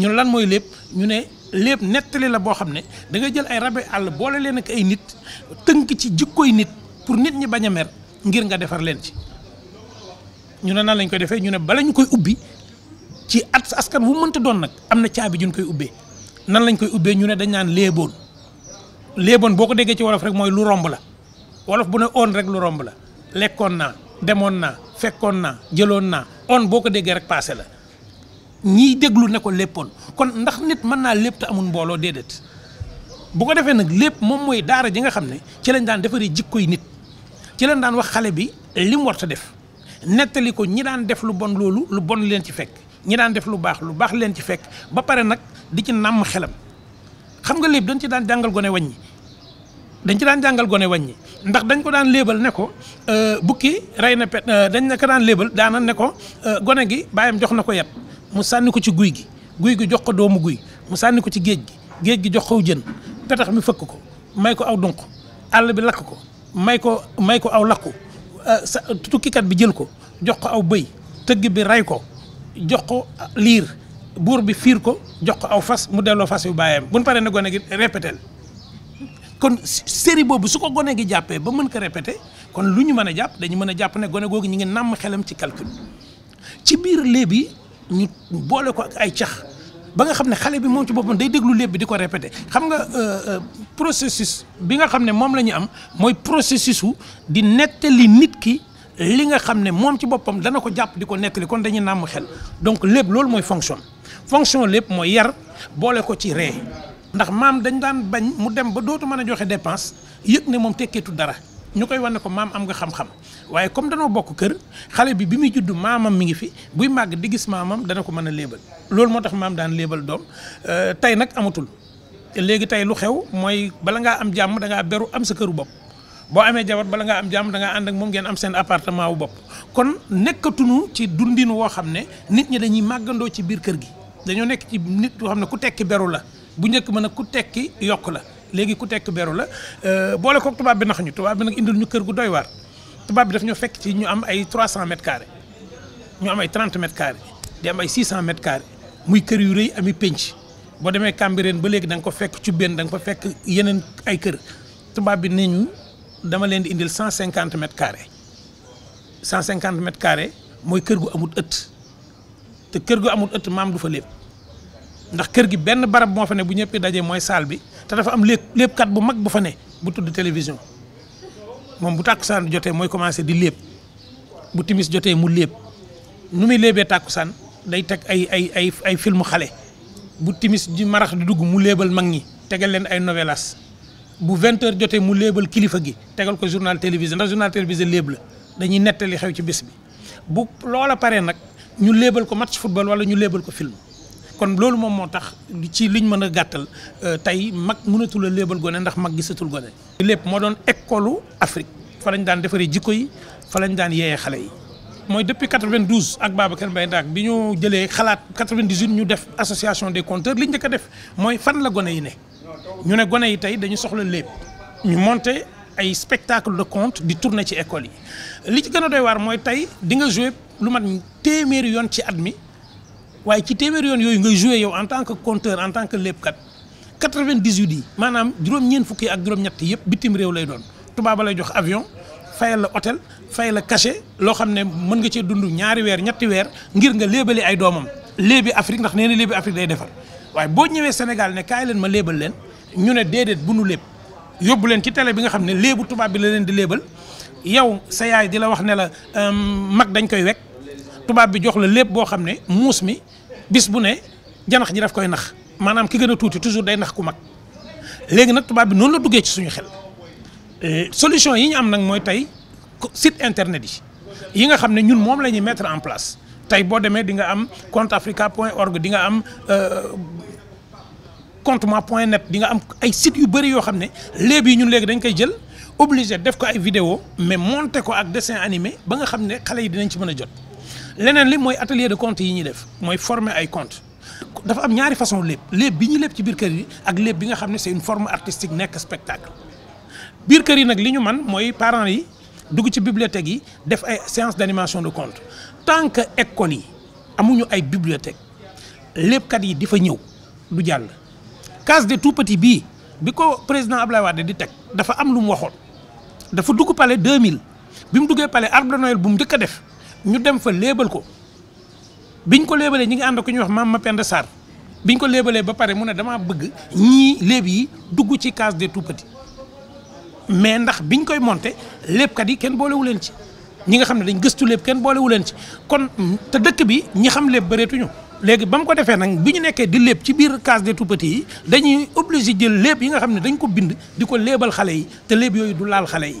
ñun lan moy lepp ñu ne lepp nettali la bo ne da nga jël ay rabe àll boole len ak ay nit teunk ci jikkoy nit pour nit ñi baña mer ngir nga defar len ci ñu ne nan lañ koy defee ñu ne ba lañ koy ubbi ci at askan wu mënta doon nak am na caabi juñ koy ubbé nan lañ koy ubbé ñu ne dañ nan léeboon léeboon boko déggé ci wolof rek moy lu romb la wolof bu ne on rek lu romb la na na fekkon na jëlon na on boko déggé rek passé la ñii déglu ne ko léppoon kon ndax nit mën naa lépp te amul mbooloo déedéet bu ko defee nag lépp moom mooy daara ji nga xam ne ci lañ daan defaree jikkoy nit ci lañ daan wax xale bi li mu war ta def nettali ko ñi daan def lu bon loolu lu bon leen ci fekk ñi daan def lu baax lu baax leen ci fekk ba pare nag di ci nàmm xelam xam nga lépp dañ ci daan jàngal gone waññi dañ ci daan jàngal gone wàññi ndax dañ ko daan léebal ne ko euh, bukki rey na pet euh, dañ ko daan léebal daana ne ko euh, gone gi bàyyam jox na ko yet mu sànni ko ci guy gi guy gi jox ko doomu guy mu sànni ko ci géej gi géej gi jox ko jën petax mi fëkk ko may ko aw dunq àll bi lakk ko may ko may ko aw lakku euh, sa tukkikat bi jël ko jox ko aw bëy tëgg bi rey ko jox ko liir buur bi fiir ko jox ko aw fas mu delloo fas yu bàyyam bu ñu paree ne gone gi répété kon série boobu su ko gone gi jàppee ba mën ko répété kon lu ñu mën a jàpp dañu mën a jàpp ne gone googu ñu ngi nàmm xelam ci calcul ci biir léebi ñu boole ko ay cax ba nga xam ne xale bi moom ci boppam day déglu lépp di ko répété xam nga euh, euh, processus bi nga xam ne moom la ñu am mooy processus wu di nettali nit ki li nga xam ne moom ci boppam dana ko jàpp di ko nettali kon dañuy nàmm xel donc lépp loolu mooy fonction fonction lépp mooy yar boole ko ci ree ndax maam dañ daan bañ mu dem ba dootu mën a joxe dépense yëg ne moom tekkeetu dara ñu koy wane ko maam am nga xam-xam waaye comme danoo bokk kër xale bi bi muy judd maamam mi ngi fi buy màgg di gis maamam dana ko mën a léebal loolu moo tax maam daan léebal doom euh, tey nag amatul léegi tey lu xew mooy bala ngaa am jàmm danga ngaa beru am sa këru bopp boo amee jabar bala ngaa am jàmm danga ngaa ànd ak moom ngeen am seen appartement wu bopp kon nekkatunu ci dundinu woo xam ne nit ñi dañuy màggandoo ci biir kër gi dañoo nekk ci nit yoo xam ne ku tekki beru la bu njëkk mën a ku tekki yokk la léegi ku tek beru la euh, ont tuba bi nax ñu bi ñu gu doy bi daf fekk ci ñu am ay 300 mètres carrés ñu am ay 30 mètres carrés di 600 mètres carrés muy kër yu reuy ami pench bo ont Cambérène ba légui dang ko fekk ci ben dang fekk yeneen ay kër bi dama 150 mètres carrés 150 mètres carrés mooy kër gu amul ëtt te kër gu amul ëtt maam du fa lépp ndax kër gi benn barab moo fa ne bu te dafa am lépp kat bu mag bu fa ne bu tudd télévision Mom bu takusan jotee moy commencé di lépp bu timis jotee mu lépp nu muy léebee tàkkusaan day tek ay ay ay ay film xalé. bu timis di marax di dugg mu léebal mag ñi tégal leen ay novelas bu 20 h jotee mu léebal kilifa gi tégal ko journal télévisé ndax journal télévisé léeb la dañuy netali xew ci bés bi bu lola paré nak ñu léebal ko match football wala ñu léebal ko film kon loolu moom moo tax ci liñ mën a gàttal euh, tey mag mënatul a léebal gone ndax mag gisatul gone. lépp moo doon école Afrique fa lañ daan defaree jikko yi fa lañ daan yeeyee xale yi. mooy depuis 92 ak Babacar Mbaye Ndaak bi ñu jëlee xalaat 98 ñu def association des compteurs liñ njëkk a def mooy fan la gone yi ne ñu ne gone yi tey dañu soxla lépp ñu monter ay spectacle de conte di tourner ci école yi li ci gën a doy waar mooy tey di nga jouer lu mat téeméeri yoon ci at mi. waaye ci téeméer yoon yooyu nga joué yow en tant que conteur en tant que léppkat 98 yi maanaam juróom ñeen fukki ak juróom ñetti yëpp bitim réew lay doon tubaab lay jox avion fayal la hôtel fayal la cachet loo xam ne mën nga cee dundu ñaari weer ñetti weer ngir nga léebali ay doomam léebi Afrique ndax nee na léebi Afrique day defar waaye boo ñëwee Sénégal ne kaay leen ma léebal leen ñu ne déedéet bu nu léeb yóbbu leen ci télé bi nga xam ne léebu tubaab bi la leen di léebal yow sa yaay di la wax ne la euh, mag dañ koy wekk tubaab bi jox la lépp boo xam ne muus mi bis bu ne janax ji daf koy nax maanaam ki gën a tuuti toujours day nax ku mag léegi nag tubaab bi noonu la duggee ci suñu xel euh, solution yi ñu am nag mooy tey site internet yi yi nga xam ne ñun moom la ñuy mettre en place tey boo demee di nga am compte africa point org di nga am euh, compte moi point net di nga am ay sites yu bëri yoo xam ne léeb yi ñun léegi dañ koy jël obligé def ko ay vidéo mais monte ko ak dessin animé ba nga xam ne xale yi dinañ ci mën a jot leneen li mooy atelier de compte yi ñuy def mooy forme ay compte dafa am ñaari façon lépp lépp bi ñu lépp ci biir kër yi ak lépp bi nga xam ne c'est une forme artistique nekk spectacle biir kër yi nag li ñu man mooy parents yi dugg ci bibliothèque yi def ay séance d'animation de compte tant que école yi amuñu ay bibliothèque léppkat yi di fa ñëw du jàll case de tout-petits bii bi ko président Ablaye Wade di teg dafa am lu mu waxoon dafa dugg palais 2000 bi mu duggee palais arbre de Noël bu mu njëkk a def ñu dem fa léebal ko biñ ko léebalee ñi ngi ànd ko ñuy wax maam Mapenda Sarr biñ ko léebalee ba pare mun ne damaa bëgg ñii léeb yi dugg ci case des tout petits mais ndax biñ koy monter kat yi kenn boolewu leen ci ñi nga xam ne dañ gëstu léeb kenn boolewu leen ci kon te dëkk bi ñi xam léeb bareetuñu léegi ba mu ko defee nag bi ñu nekkee di léeb ci biir case des tout petits yi dañuy obligé jël léeb yi nga xam ne dañ ko bind di ko léebal xale yi te léeb yooyu du laal xale yi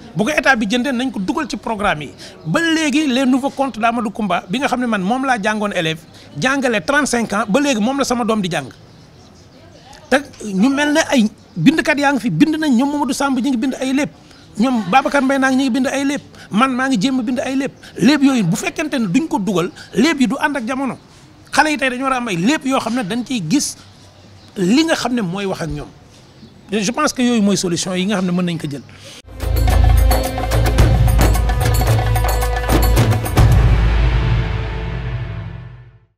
bu état bi jëndee nañ ko dugal ci programme yi ba léegi les nouveaux comptes d'Amadou Koumba bi nga xam ne man moom laa jàngoon élève jàngale 35 ans ba léegi moom la sama doom di jàng te ñu mel ne ay bind kat yaa ngi fi bind nañ ñoom Mamadou Samb ñu ngi bind ay lépp ñoom Babacar Mbaye naa ngi ñu ngi bind ay lépp man maa ngi jéem a bind ay lépp lépp yooyu bu fekkente ne duñ ko dugal lépp yi du ànd ak jamono xale yi tey dañu war a am lépp yoo xam ne dañ ciy gis li nga xam ne mooy wax ak ñoom je pense que yooyu mooy solution yi nga xam ne mën nañ ko jël